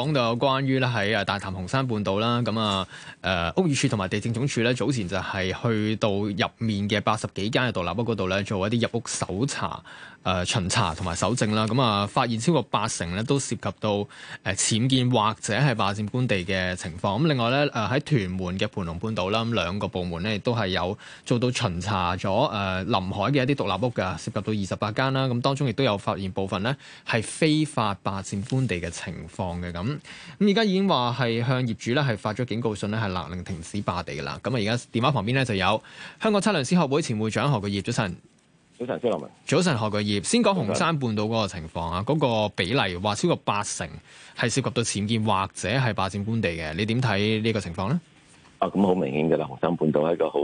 講到有關於咧喺啊大潭紅山半島啦，咁啊誒屋宇署同埋地政總署咧早前就係去到入面嘅八十幾間嘅獨立屋嗰度咧，做一啲入屋搜查、誒、呃、巡查同埋搜證啦。咁啊、呃，發現超過八成咧都涉及到誒僭建或者係霸佔官地嘅情況。咁另外咧誒喺屯門嘅蟠龍半島啦，咁兩個部門咧亦都係有做到巡查咗誒臨海嘅一啲獨立屋㗎，涉及到二十八間啦。咁當中亦都有發現部分咧係非法霸佔官地嘅情況嘅咁。咁而家已經話係向業主咧係發咗警告信咧係勒令停止霸地嘅啦。咁啊而家電話旁邊咧就有香港測量師學會前會長何鉅業，早晨，早晨，早晨先落早晨，何鉅業，先講紅山半島嗰個情況啊，嗰個比例話超過八成係涉及到僭建或者係霸佔官地嘅，你點睇呢個情況咧？啊，咁好明顯嘅啦，紅山半島係一個好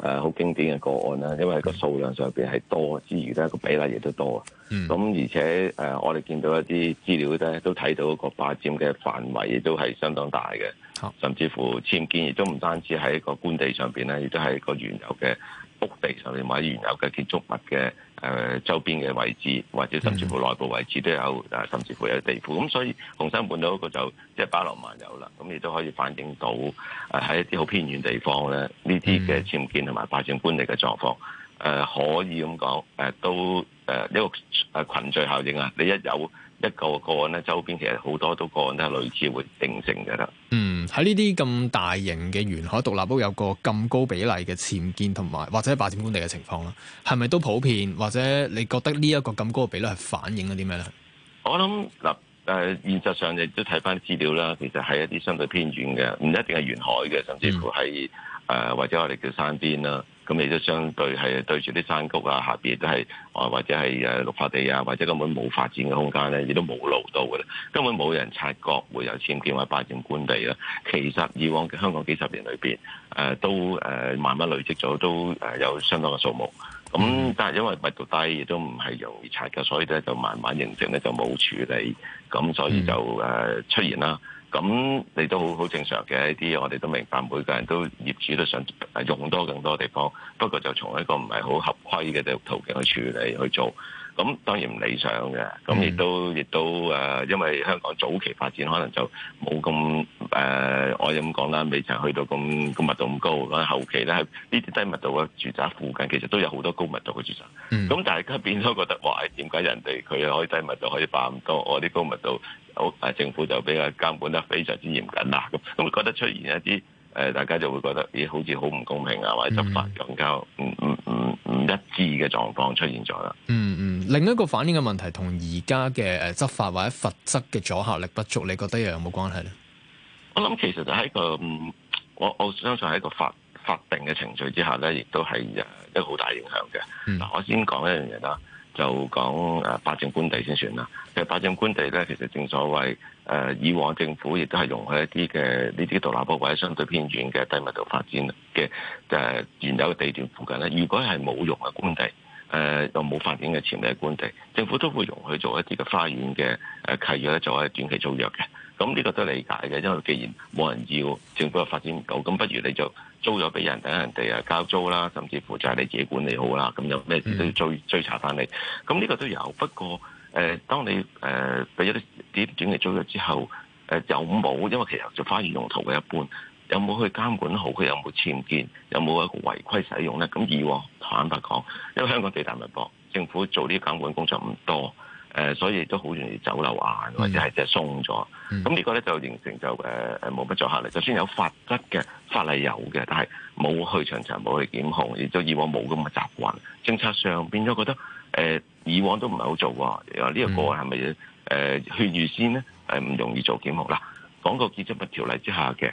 誒好、啊、經典嘅個案啦，因為個數量上面係多之餘咧，個比例亦都多啊。咁、嗯、而且誒、呃，我哋見到一啲資料咧，都睇到個霸佔嘅範圍亦都係相當大嘅，甚至乎僭建亦都唔單止喺個官地上面，咧，亦都係個原有嘅屋地上面或者原有嘅建築物嘅。誒、呃、周邊嘅位置，或者甚至乎內部位置都有，誒、mm. 啊、甚至乎有地庫，咁所以紅山半島嗰個就即係包羅萬有啦。咁亦都可以反映到，誒、呃、喺一啲好偏遠地方咧，呢啲嘅僭建同埋霸佔公地嘅狀況。誒、呃、可以咁講，誒、呃、都誒一、呃這個誒群聚效應啊！你一有一個個案咧，周邊其實好多都個案咧類似會定性嘅啦。嗯，喺呢啲咁大型嘅沿海獨立屋，有個咁高比例嘅僭建同埋或者霸佔本地嘅情況啦，係咪都普遍？或者你覺得呢一個咁高嘅比率係反映咗啲咩咧？我諗嗱誒，現實上亦都睇翻啲資料啦，其實係一啲相對偏遠嘅，唔一定係沿海嘅，甚至乎係誒或者我哋叫山邊啦。咁你都相對係對住啲山谷啊，下邊都係或者係誒綠化地啊，或者根本冇發展嘅空間咧，亦都冇路到嘅咧，根本冇人察覺，會有僭建或霸佔官地啦。其實以往香港幾十年裏面都慢慢累積咗，都有相當嘅數目。咁、嗯、但係因為密度低，亦都唔係容易察覺嘅，所以咧就慢慢形成咧就冇處理，咁所以就出現啦。嗯嗯咁你都好好正常嘅呢啲，我哋都明白，每個人都，業主都想用多更多地方，不過就從一個唔係好合規嘅途徑去處理去做，咁當然唔理想嘅，咁亦都亦都誒、呃，因為香港早期發展可能就冇咁。誒、呃，我咁講啦，未曾去到咁高密度咁高。咁後期咧喺呢啲低密度嘅住宅附近，其實都有好多高密度嘅住宅。咁、嗯、大家變咗覺得話，點解人哋佢可以低密度可以霸咁多，我啲高密度政府就比較監管得非常之嚴謹啦。咁咁覺得出現一啲誒、呃，大家就會覺得咦，好似好唔公平啊，或者執法更加唔唔唔唔一致嘅狀況出現咗啦。嗯嗯，另一個反映嘅問題同而家嘅誒執法或者罰則嘅阻嚇力不足，你覺得又有冇關係咧？我諗其實就喺個，我我相信喺一個法法定嘅程序之下咧，亦都係誒一個好大影響嘅。嗱、嗯，我先講一樣嘢啦，就講誒霸佔官地先算啦。就霸佔官地咧，其實正所謂誒、呃、以往政府亦都係容許一啲嘅呢啲獨立屋或者相對偏遠嘅低密度發展嘅誒原有地段附近咧，如果係冇用嘅官地，誒、呃、又冇發展嘅潛力嘅官地，政府都會容許做一啲嘅花園嘅誒契約咧，作為短期租約嘅。咁呢個都理解嘅，因為既然冇人要，政府又發展唔到，咁不如你就租咗俾人，等人哋啊交租啦，甚至乎就係你自己管理好啦。咁有咩都要追追查翻你。咁呢個都有，不過誒、呃，當你誒俾咗啲短整嚟租咗之後，誒、呃、有冇？因為其實就花園用途嘅一半，有冇去監管好佢有冇僭建，有冇一個違規使用咧？咁以往坦白講，因為香港地大物博，政府做呢啲監管工作唔多。誒、呃，所以都好容易走漏眼，或者係就鬆咗。咁呢個咧就形成就誒冇乜作效。呃、力。就算有法則嘅法例有嘅，但係冇去巡查，冇去檢控，亦都以往冇咁嘅習慣。政策上變咗覺得誒、呃、以往都唔係好做喎。個是是呃、呢個個案係咪誒勸喻先咧？誒、呃、唔容易做檢控啦。講個建築物條例之下嘅、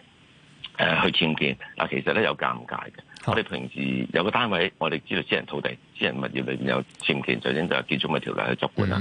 呃、去簽證，嗱，其實咧有尷尬嘅。嗯、我哋平時有個單位，我哋知道私人土地。私人物業裏邊有前期就應就係建築物條例去執管啦。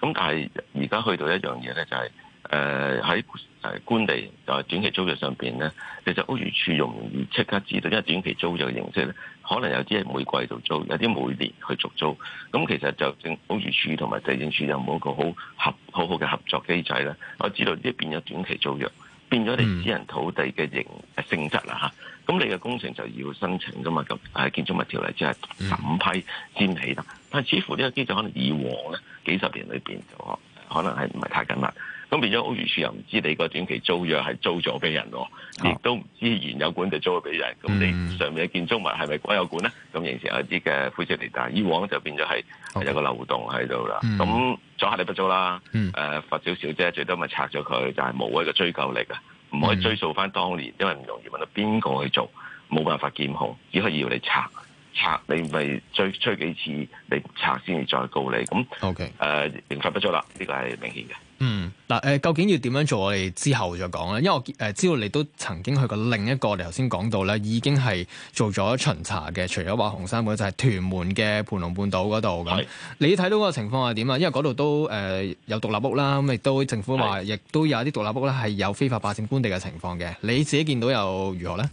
咁、 嗯嗯、但係而家去到一樣嘢咧，就係誒喺誒官地就係短期租約上邊咧，其實屋宇署容易即刻知道，因為短期租約的形式咧，可能有啲係每季度租，有啲每年去續租。咁其實就正屋宇署同埋地政署有冇一個好合好好合好好嘅合作機制咧？我知道呢一邊有短期租約。變咗你私人土地嘅性質啦嚇咁、mm. 你嘅工程就要申請噶嘛，咁喺建築物條例即係審批先起啦。但係似乎呢個機制可能以往咧幾十年裏面，就可能係唔係太緊密。咁變咗，屋宇署又唔知你個短期租約係租咗俾人喎、啊，亦都唔知原有管就租咗俾人。咁、啊、你上面嘅建築物係咪歸有管咧？咁形成一啲嘅灰色地帶。以往就變咗係有個漏洞喺度啦。咁、嗯嗯嗯、阻嚇力不足啦、啊，誒、呃、罰少少啫，最多咪拆咗佢，但係冇一個追究力啊，唔可以追溯翻當年，嗯、因為唔容易問到邊個去做，冇辦法監控，只可以要你拆拆你，你咪追追幾次嚟拆先至再告你。咁誒刑罰不足啦、啊，呢、呢個係明顯嘅。嗯，嗱，究竟要點樣做？我哋之後再講啦。因為我誒知道你都曾經去過另一個，你頭先講到咧，已經係做咗巡查嘅。除咗話紅山嗰度，就係、是、屯門嘅盤龍半島蟠龍半島嗰度。咁是你睇到個情況係點啊？因為嗰度都有獨立屋啦，咁亦都政府話亦都有啲獨立屋咧，係有非法霸佔官地嘅情況嘅。你自己見到又如何咧？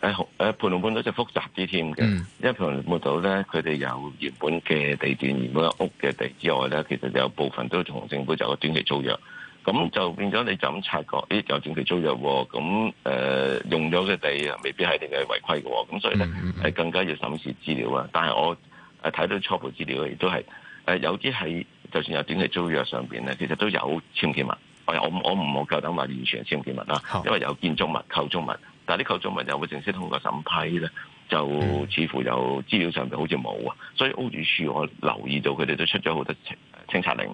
喺紅喺蟠龍半島就複雜啲添嘅，嗯、因為蟠龍半島咧，佢哋有原本嘅地段，原本有屋嘅地之外咧，其實有部分都同政府就有短期租約，咁就變咗你就咁察覺，咦有短期租約喎、哦，咁誒、呃、用咗嘅地啊，未必係你嘅違規嘅喎、哦，咁所以咧係、嗯嗯嗯、更加要審視資料啊。但係我睇到初步資料亦都係誒有啲係就算有短期租約上邊咧，其實都有僭建物。我我我唔好夠膽話完全係僭建物啦，好因為有建築物、構築物。但係啲構造物又冇正式通過審批咧？就似乎有資料上邊好似冇啊，所以屋宇署我留意到佢哋都出咗好多清清拆令，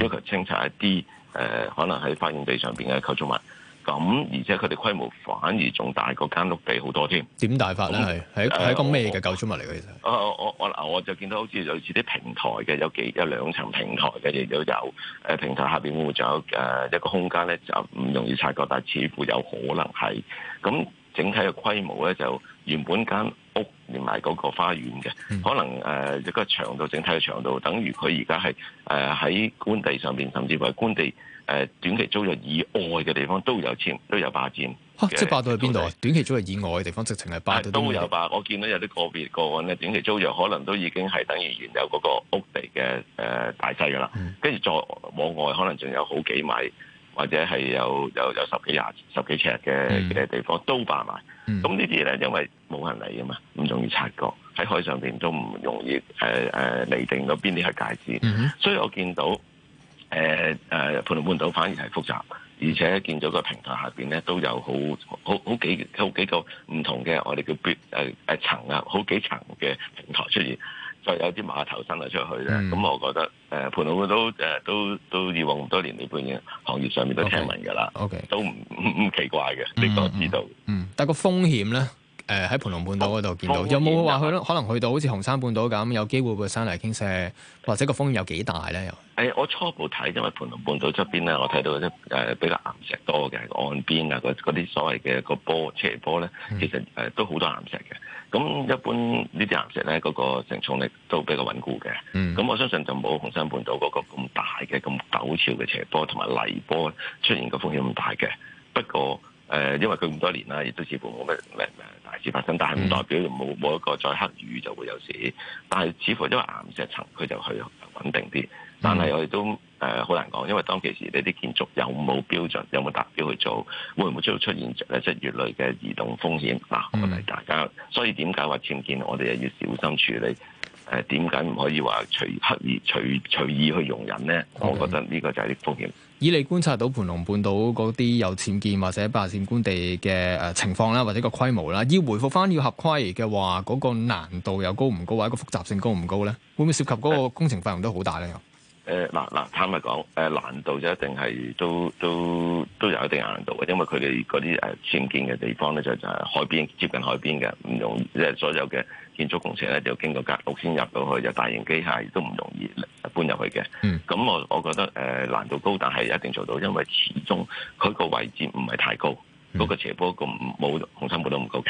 要求清拆一啲誒、呃、可能喺花園地上邊嘅構造物。咁，而且佢哋規模反而仲大過間屋地好多添。點大法咧？係喺喺個咩嘅構造物嚟嘅其實？啊、呃呃呃呃，我我嗱，我就見到好似類似啲平台嘅，有幾有兩層平台嘅，亦都有誒、呃、平台下邊會仲有誒、呃、一個空間咧，就唔容易察覺，但係似乎有可能係咁。整體嘅規模咧，就原本間屋連埋嗰個花園嘅，嗯、可能一個長度，整體嘅長度，等於佢而家係喺官地上面，甚至為官地、呃、短期租約以外嘅地方都有佔，都有霸佔、啊。即係霸到去邊度啊？短期租約以外嘅地方，直情係霸到都有霸。我見到有啲個別個案咧，短期租約可能都已經係等於原有嗰個屋地嘅、呃、大細㗎啦，跟住、嗯、再往外可能仲有好幾米。或者係有有有十幾廿十,十幾尺嘅嘅地方、mm hmm. 都霸埋，咁、mm hmm. 呢啲嘢咧因為冇人嚟啊嘛，唔容易察覺喺海上邊都唔容易誒誒釐定到邊啲係界址，mm hmm. 所以我見到誒誒蟠龍半島反而係複雜，而且見到個平台下邊咧都有好好好幾好幾個唔同嘅我哋叫別誒誒、呃、層啊，好幾層嘅平台出現。有啲碼頭伸咗出去咧，咁、嗯、我覺得誒、呃、蟠龍半島誒都、呃、都，都以往咁多年呢般嘅行業上面都聽聞㗎啦，okay, okay. 都唔唔奇怪嘅，嗯、你都知道嗯嗯。嗯，但個風險咧，誒、呃、喺蟠龍半島嗰度見到，啊、有冇話佢咧？可能去到好似紅山半島咁，有機會會山泥傾瀉，或者個風險有幾大咧？又誒、欸，我初步睇，因為蟠龍半島側邊咧，我睇到啲誒、呃、比較岩石多嘅岸邊啊，嗰啲所謂嘅、那個波斜坡咧，其實誒、呃、都好多岩石嘅。咁一般呢啲岩石咧，嗰、那個承重力都比較穩固嘅。咁我相信就冇紅山半島嗰個咁大嘅、咁陡峭嘅斜坡同埋泥波出現嘅風險咁大嘅。不過、呃、因為佢咁多年啦，亦都似乎冇咩大事發生。但係唔代表就冇冇一個再黑雨就會有事。但係似乎因為岩石層，佢就去穩定啲。但係我哋都誒好難講，因為當其時你啲建築有冇標準，有冇達標去做，會唔會即係出現質質越來嘅移動風險？嗱、嗯，我哋大家，所以點解話僭建，我哋又要小心處理？誒點解唔可以話隨刻意隨隨，隨，隨意去容忍咧？Okay. 我覺得呢個就係啲風險。以你觀察到蟠龍半島嗰啲有僭建或者霸佔官地嘅誒情況啦，或者個規模啦，要回覆返要合規嘅話，嗰、那個難度又高唔高或者個複雜性高唔高咧？會唔會涉及嗰個工程費用都好大咧？誒嗱嗱，坦白講，誒難度就一定係都都都有一定難度嘅，因為佢哋嗰啲誒僭建嘅地方咧，就就係海邊，接近海邊嘅，唔容易，即係所有嘅建築工程咧，就經過隔屋先入到去，就大型機械都唔容易搬入去嘅。咁、嗯、我我覺得誒難度高，但係一定做到，因為始終佢個位置唔係太高，嗰、嗯、個斜坡咁冇紅山冇得咁高嘅。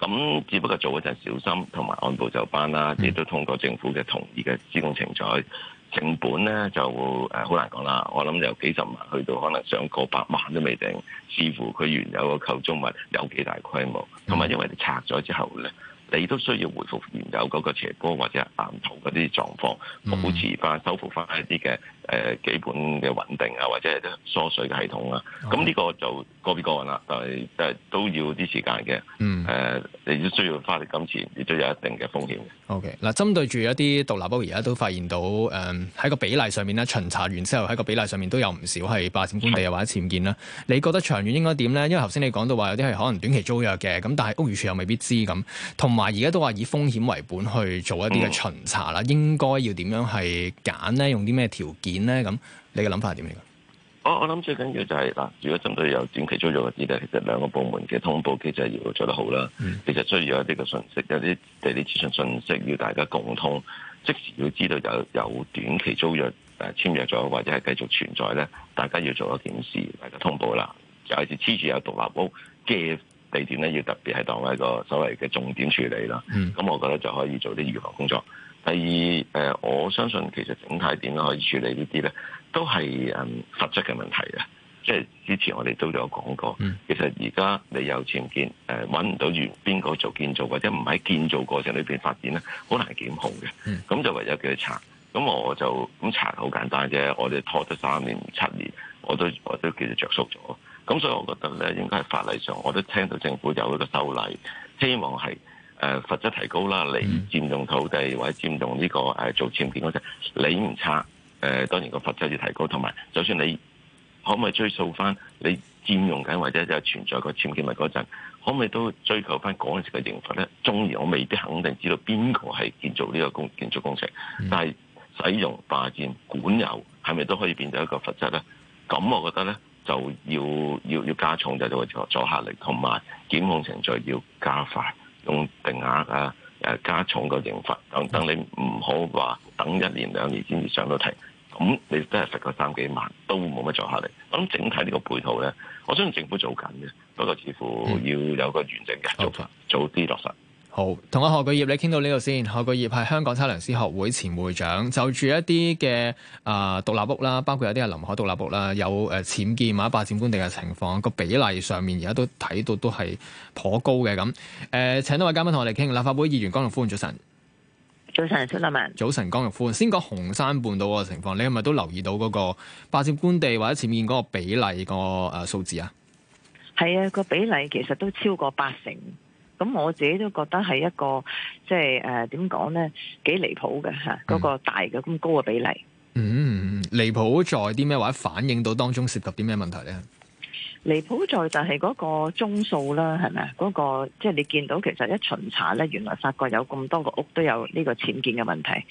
咁只不過做嗰陣小心同埋按部就班啦，亦都通過政府嘅同意嘅施工程序。成本咧就好難講啦，我諗由幾十萬去到可能上過百萬都未定，視乎佢原有個構造物有幾大規模，同埋因為你拆咗之後咧，你都需要回復原有嗰個斜坡或者岩頭嗰啲狀況，保持翻收復翻一啲嘅。誒基本嘅穩定啊，或者係啲疏水嘅系統啊，咁呢、哦、個就個別個案啦，但係誒都要啲時間嘅。嗯，誒你都需要花啲金錢，亦都、嗯呃、有一定嘅風險。O.K. 嗱、嗯，針對住一啲獨立屋，而家都發現到誒喺、嗯、個比例上面咧，巡查完之後喺個比例上面都有唔少係霸佔官地又或者僭建啦。是你覺得長遠應該點咧？因為頭先你講到話有啲係可能短期租約嘅，咁但係屋宇署又未必知咁。同埋而家都話以風險為本去做一啲嘅巡查啦，嗯、應該要點樣係揀咧？用啲咩條件？咧？咁你嘅諗法係點樣噶？我我諗最緊要就係、是、嗱，如果針對有短期租約嗰啲咧，其實兩個部門嘅通報機制要做得好啦。嗯、其實需要一啲嘅信息，有啲地理資訊信息要大家共通，即時要知道有有短期租約誒簽、呃、約咗或者係繼續存在咧，大家要做一件事大家通報啦。尤其是黐住有獨立屋嘅地點咧，要特別係當為一個所謂嘅重點處理啦。咁、嗯、我覺得就可以做啲預防工作。第二，誒，我相信其實整體點樣可以處理這些呢啲咧，都係誒、嗯、法則嘅問題啊！即係之前我哋都有講過，其實而家你有僭建，誒揾唔到住邊個做建造，或者唔喺建造過程裏面發展咧，好難檢控嘅。咁、嗯、就唯有叫佢查，咁我就咁查好簡單啫。我哋拖咗三年、七年，我都我都繼續着數咗。咁所以，我覺得咧，應該係法例上，我都聽到政府有個修例，希望係。誒罰則提高啦，你佔用土地或者佔用呢、這個誒、呃、做僭建嗰陣，你唔拆誒，當然個罰則要提高。同埋，就算你可唔可以追溯翻你佔用緊或者有存在個僭建物嗰陣，可唔可以都追求翻嗰陣時嘅刑罰咧？當然我未必肯定知道邊個係建造呢個工建築工程，但係使用霸佔管有係咪都可以變咗一個罰則咧？咁我覺得咧就要要要加重就做咗阻嚇力，同埋檢控程序要加快，用定額啊，誒加重個刑罰等等，你唔好話等一年兩年先至上到庭，咁你真係食個三幾萬都冇乜作下力。我諗整體呢個配套咧，我相信政府做緊嘅，不過似乎要有個完整嘅做法，早啲落實。做 Okay. 好，同阿何鉅業你傾到呢度先。何鉅業係香港測量師學會前會長，就住一啲嘅啊獨立屋啦，包括有啲係臨海獨立屋啦，有誒僭、呃、建或者霸佔官地嘅情況，個比例上面而家都睇到都係頗高嘅咁。誒、呃，請多位嘉賓同我哋傾。立法會議員江玉歡早晨，早晨，小林文，早晨，江玉歡，先講紅山半島個情況，你係咪都留意到嗰個霸佔官地或者僭建嗰個比例個誒數字啊？係啊，個比例其實都超過八成。咁我自己都覺得係一個即係誒點講咧，幾離譜嘅吓，嗰個大嘅咁高嘅比例。嗯，離譜在啲咩？或者反映到當中涉及啲咩問題咧？離譜在就係嗰個宗數啦，係咪啊？嗰個即係你見到其實一巡查咧，原來發覺有咁多個屋都有呢個僭建嘅問題。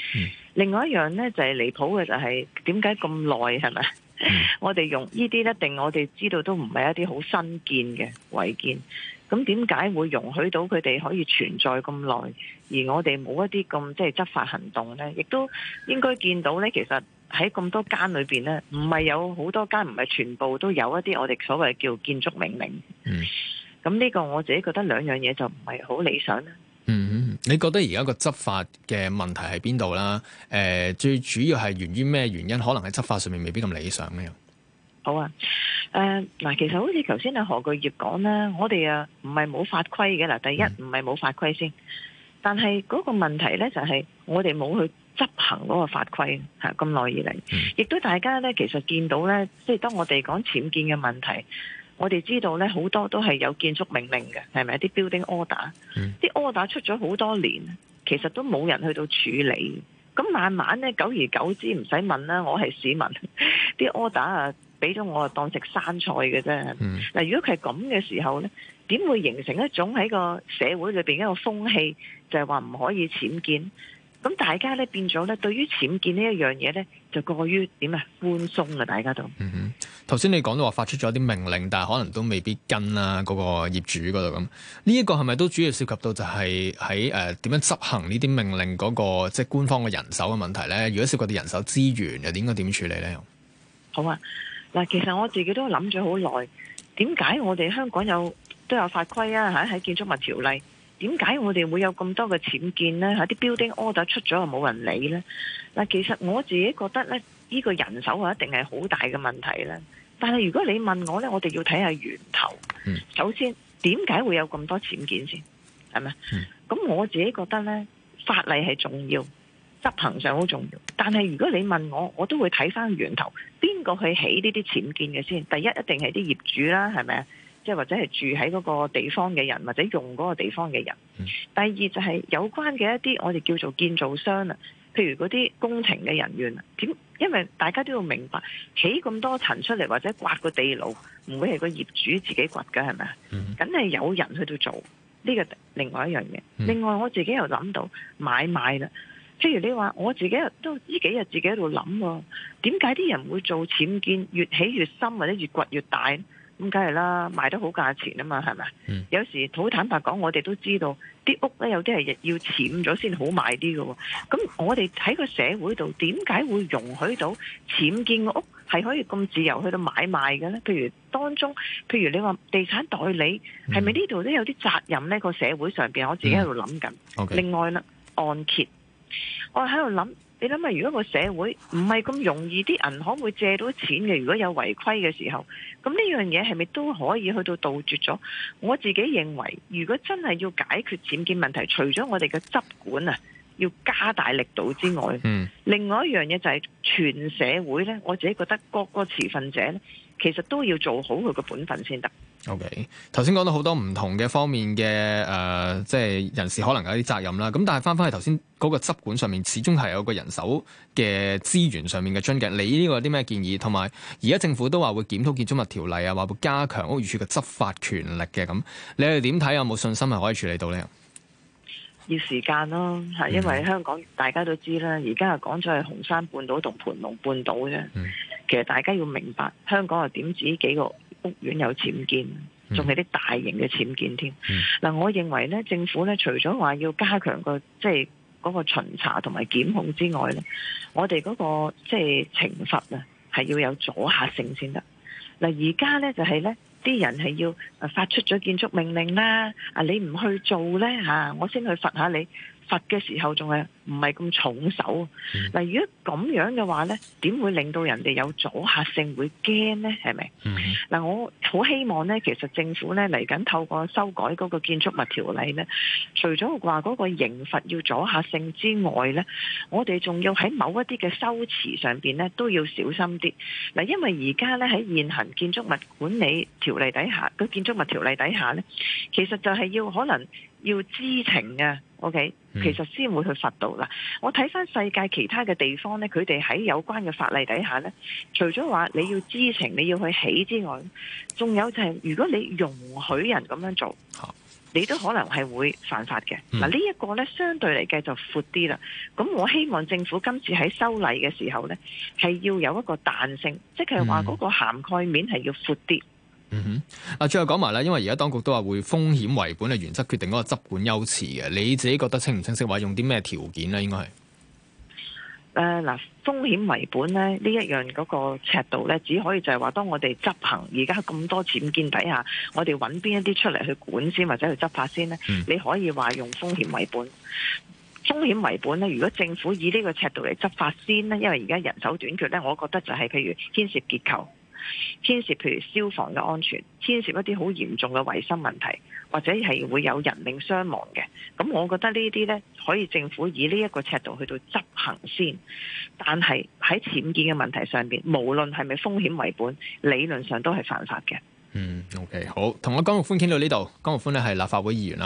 另外一樣咧就係離譜嘅就係點解咁耐，係咪？我哋用呢啲一定我哋知道都唔係一啲好新建嘅違建。咁點解會容許到佢哋可以存在咁耐，而我哋冇一啲咁即係執法行動呢？亦都應該見到呢，其實喺咁多間裏邊呢，唔係有好多間，唔係全部都有一啲我哋所謂叫建築命令。嗯，咁呢個我自己覺得兩樣嘢就唔係好理想啦，嗯。嗯，你覺得而家個執法嘅問題喺邊度啦？誒、呃，最主要係源於咩原因？可能喺執法上面未必咁理想呢。好啊，誒、呃、嗱，其實好似頭先阿何鉅業講啦，我哋啊唔係冇法規嘅啦，第一唔係冇法規先，但係嗰個問題咧就係我哋冇去執行嗰個法規，吓咁耐以嚟，亦、嗯、都大家咧其實見到咧，即係當我哋講僭建嘅問題，我哋知道咧好多都係有建築命令嘅，係咪啲 building order，啲 order 出咗好多年，其實都冇人去到處理，咁慢慢咧，久而久之唔使問啦，我係市民，啲 order 啊。俾咗我啊，當食生菜嘅啫。嗱，如果佢係咁嘅時候咧，點會形成一種喺個社會裏邊一個風氣，就係話唔可以僭建？咁大家咧變咗咧，對於僭建呢一樣嘢咧，就過於點啊寬鬆啊！大家都，嗯哼，頭先你講到話發出咗啲命令，但係可能都未必跟啦。嗰個業主嗰度咁，呢一個係咪都主要涉及到就係喺誒點樣執行呢啲命令嗰個，即係官方嘅人手嘅問題咧？如果涉及到人手資源，又點應該點處理咧？好啊。嗱，其實我自己都諗咗好耐，點解我哋香港有都有法規啊？嚇，喺建築物條例，點解我哋會有咁多嘅僭建呢？嚇，啲 building order 出咗又冇人理呢？嗱，其實我自己覺得呢依、呢個人手啊一定係好大嘅問題啦。但係如果你問我呢，我哋要睇下源頭。嗯、首先，點解會有咁多僭建先係咪？是嗯。咁我自己覺得呢，法例係重要，執行上好重要，但係如果你問我，我都會睇返源頭，邊個去起呢啲僭建嘅先？第一一定係啲業主啦，係咪啊？即係或者係住喺嗰個地方嘅人，或者用嗰個地方嘅人。嗯、第二就係有關嘅一啲我哋叫做建造商啊，譬如嗰啲工程嘅人員啊，點？因為大家都要明白，起咁多層出嚟或者掘個地牢，唔會係個業主自己掘㗎，係咪啊？梗係、嗯、有人去到做呢、呢個另外一樣嘢。嗯、另外我自己又諗到買賣啦。譬如你話我自己都呢幾日自己喺度諗，點解啲人會做僭建，越起越深或者越掘越大？咁梗係啦，賣得好價錢啊嘛，係咪？嗯、有時好坦白講，我哋都知道啲屋呢、哦，有啲係要僭咗先好賣啲嘅。咁我哋喺個社會度，點解會容許到僭建嘅屋係可以咁自由去到買賣嘅呢？譬如當中，譬如你話地產代理係咪呢度都有啲責任呢？個社會上邊，我自己喺度諗緊。嗯 okay. 另外呢，按揭。我喺度諗，你諗下，如果個社會唔係咁容易，啲銀行會借到錢嘅。如果有違規嘅時候，咁呢樣嘢係咪都可以去到杜絕咗？我自己認為，如果真係要解決僭建問題，除咗我哋嘅執管啊，要加大力度之外，嗯、另外一樣嘢就係、是、全社會呢，我自己覺得各個持份者。其實都要做好佢個本分先得。O K，頭先講到好多唔同嘅方面嘅，誒、呃，即係人士可能有啲責任啦。咁但係翻翻去頭先嗰個執管上面，始終係有個人手嘅資源上面嘅樽頸。你呢個有啲咩建議？同埋而家政府都話會檢討建築物條例啊，話會加強屋宇署嘅執法權力嘅。咁你哋點睇？有冇信心係可以處理到呢？要時間咯，係因為香港大家都知啦，而家係講咗係紅山半島同蟠龍半島啫。嗯其實大家要明白，香港又點止幾個屋苑有僭建，仲係啲大型嘅僭建添。嗱、嗯，我認為咧，政府咧除咗話要加強個即係嗰個巡查同埋檢控之外咧，我哋嗰個即係懲罰啊，係要有阻嚇性先得。嗱，而家咧就係咧，啲人係要啊發出咗建築命令啦，啊你唔去做咧嚇，我先去罰下你。罰嘅時候仲係唔係咁重手？嗱、mm，hmm. 如果咁樣嘅話咧，點會令到人哋有阻吓性會驚咧？係咪？嗱、mm，hmm. 我好希望咧，其實政府咧嚟緊透過修改嗰個建築物條例咧，除咗話嗰個刑罰要阻吓性之外咧，我哋仲要喺某一啲嘅修辭上邊咧都要小心啲。嗱，因為而家咧喺現行建築物管理條例底下，個建築物條例底下咧，其實就係要可能。要知情啊，OK，其實先會去罰到啦。我睇翻世界其他嘅地方呢，佢哋喺有關嘅法例底下呢，除咗話你要知情，你要去起之外，仲有就係如果你容許人咁樣做，你都可能係會犯法嘅。嗱，呢一個呢，相對嚟計就闊啲啦。咁我希望政府今次喺修例嘅時候呢，係要有一個彈性，即係話嗰個涵蓋面係要闊啲。嗯哼，嗱，最後講埋啦，因為而家當局都話會風險為本嘅原則決定嗰個執管優次嘅，你自己覺得清唔清晰？話用啲咩條件咧？應該係誒嗱，風險為本咧，呢一樣嗰個尺度咧，只可以就係話，當我哋執行而家咁多僭建底下，我哋揾邊一啲出嚟去管先，或者去執法先呢？嗯、你可以話用風險為本，風險為本咧，如果政府以呢個尺度嚟執法先呢，因為而家人手短缺咧，我覺得就係譬如牽涉結構。牽涉譬如消防嘅安全，牽涉一啲好嚴重嘅衛生問題，或者係會有人命傷亡嘅。咁我覺得呢啲呢，可以政府以呢一個尺度去到執行先。但係喺僭建嘅問題上邊，無論係咪風險為本，理論上都係犯法嘅。嗯，OK，好，同我江玉歡傾到呢度，江玉歡呢係立法會議員啦。